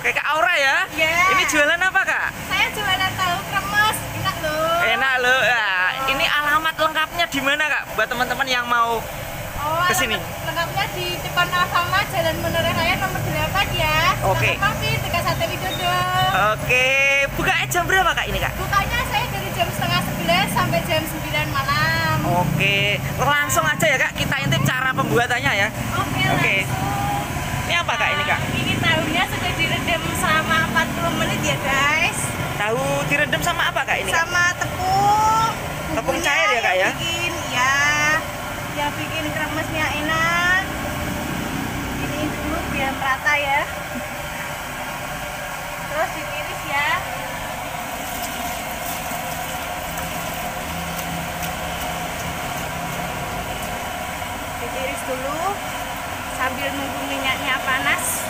Oke Kak Aura ya. Yeah. Ini jualan apa Kak? Saya jualan tahu kremes, enak loh. Enak loh. Nah, ini alamat lengkapnya di mana Kak? Buat teman-teman yang mau oh, ke sini. Lengkapnya di depan Alfama Jalan Menara Raya nomor 8 ya. Oke. Okay. dekat Sate Widodo. Oke, Buka bukanya jam berapa Kak ini Kak? Bukanya saya dari jam setengah 11 sampai jam 9 malam. Oke, langsung aja ya Kak kita intip cara pembuatannya ya. Oke. Oke apa kak ini kak? Ini tahunya sudah direndam selama 40 menit ya guys. Tahu direndam sama apa kak ini? Sama tepung. Tepung cair ya kak ya? Bikin ya, yang bikin iya. kremesnya enak. Ini dulu biar merata ya. Terus diiris ya. Diiris dulu sambil nunggu minyaknya panas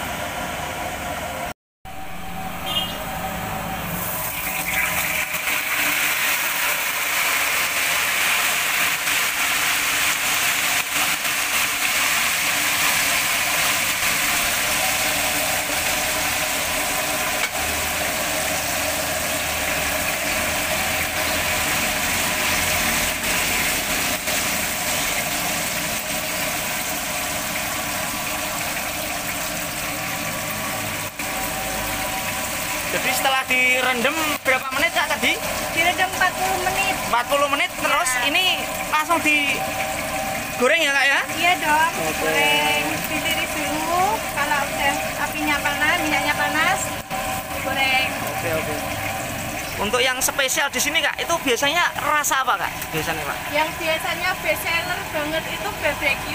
tadi? Direndam 40 menit. 40 menit terus iya. ini langsung di goreng ya kak ya? Iya dong, okay. goreng ditiris dulu. Kalau udah apinya panas, minyaknya panas, goreng. Oke okay, oke. Okay. Untuk yang spesial di sini kak, itu biasanya rasa apa kak? Biasanya pak? Yang biasanya best seller banget itu bbq,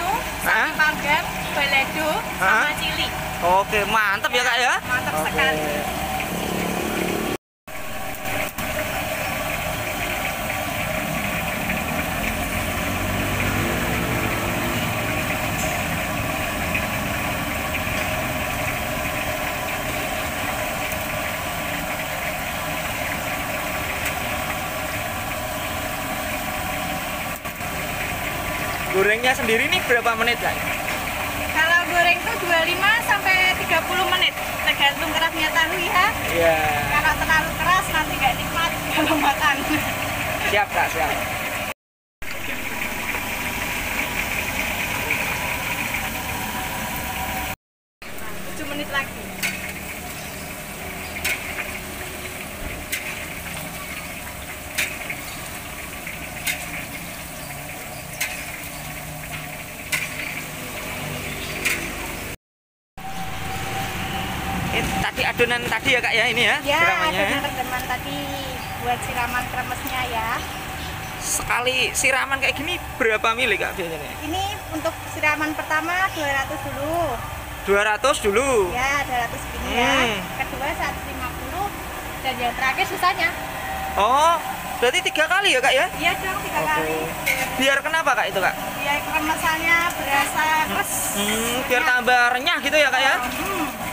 sapi panggang, balado, sama cili. Oke, mantep ya, ya kak ya? Mantap okay. sekali. gorengnya sendiri nih berapa menit lah? Kalau goreng tuh 25 sampai 30 menit, tergantung kerasnya tahu ya. Iya. Kalau terlalu keras nanti nggak nikmat kalau makan. Siap kak, siap. menit lagi. tadi ya kak ya ini ya? Ya siramannya. ada teman-teman tadi buat siraman kremesnya ya. Sekali siraman kayak gini berapa mili kak biasanya? Ini untuk siraman pertama 200 dulu. 200 dulu? Ya 200 gini ya. hmm. ya. Kedua 150 dan yang terakhir sisanya. Oh berarti tiga kali ya kak ya? Iya dong tiga okay. kali. Biar kenapa kak itu kak? Biar kremesannya berasa kres. Hmm, biar tambah renyah gitu ya kak ya? Hmm.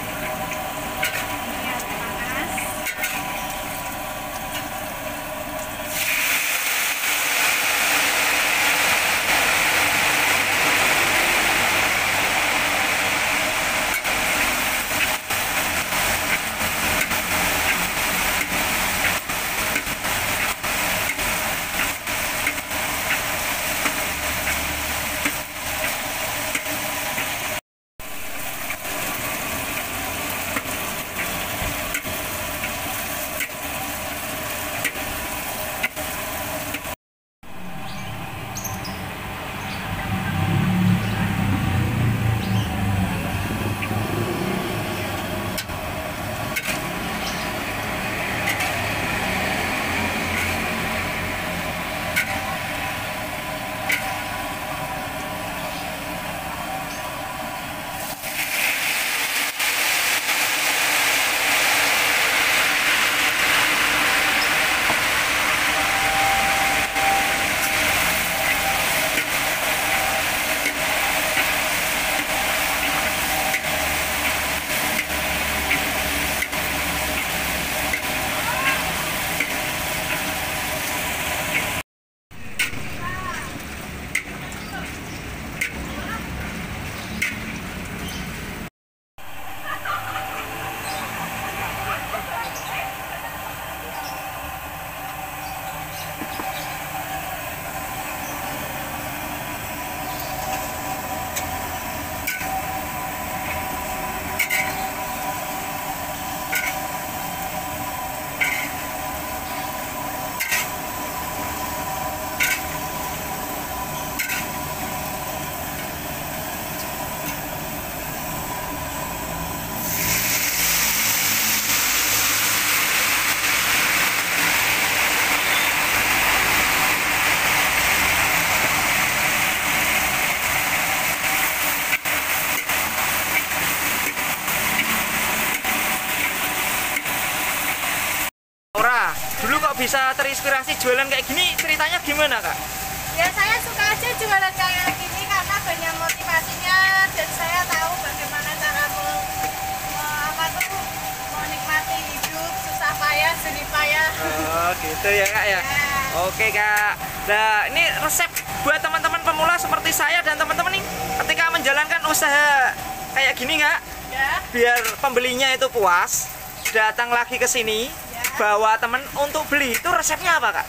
Ya. Oh, gitu ya Kak ya. Yeah. Oke Kak. Nah, ini resep buat teman-teman pemula seperti saya dan teman-teman nih ketika menjalankan usaha kayak gini nggak? Ya. Biar pembelinya itu puas, datang lagi ke sini, ya. bawa temen untuk beli. Itu resepnya apa kak?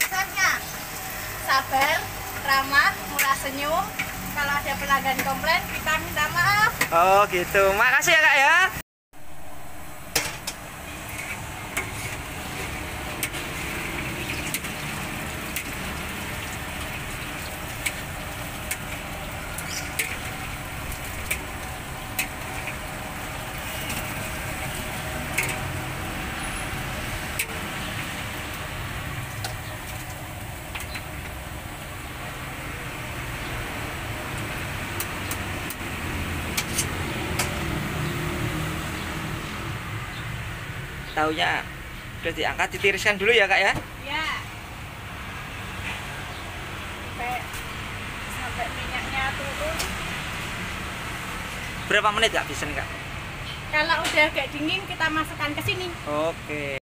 Resepnya sabar, ramah, murah senyum. Kalau ada pelanggan komplain, kita minta maaf. Oh gitu. Makasih ya kak ya. tahunya udah diangkat ditiriskan dulu ya kak ya iya sampai, sampai minyaknya turun berapa menit bisa nih kak kalau udah agak dingin kita masukkan ke sini oke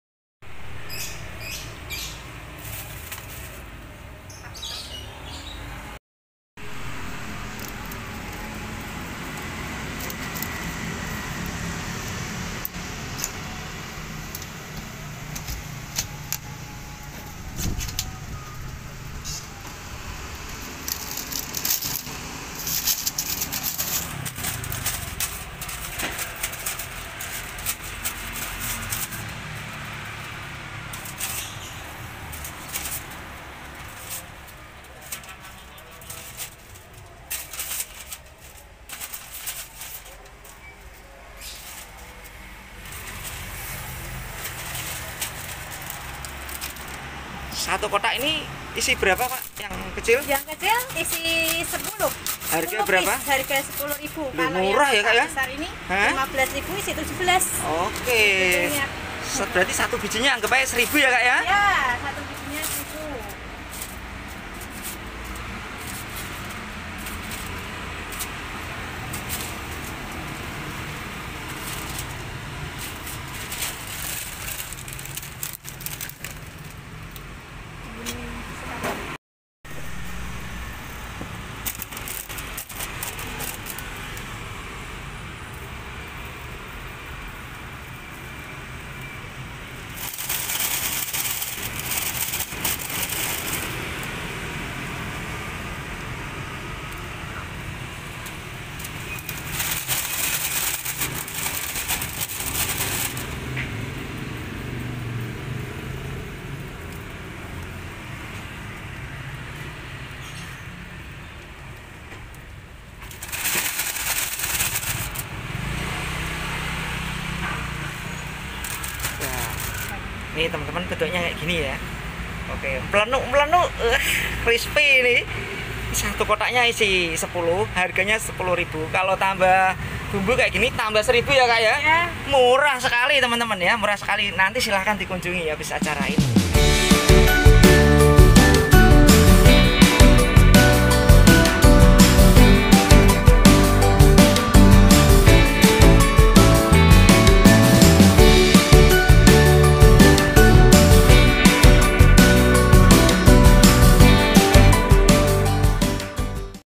satu kotak ini isi berapa pak yang kecil yang kecil isi sepuluh. harga berapa harga sepuluh ribu Loh, kalau murah yang ya kak ya besar ini Lima 15 ribu isi 17 oke okay. berarti satu bijinya anggap aja seribu ya kak ya ya satu nih teman-teman bentuknya kayak gini ya oke melenuk melenuk uh, crispy ini satu kotaknya isi 10 harganya 10.000 kalau tambah bumbu kayak gini tambah 1000 ya kak ya yeah. murah sekali teman-teman ya murah sekali nanti silahkan dikunjungi ya habis acara ini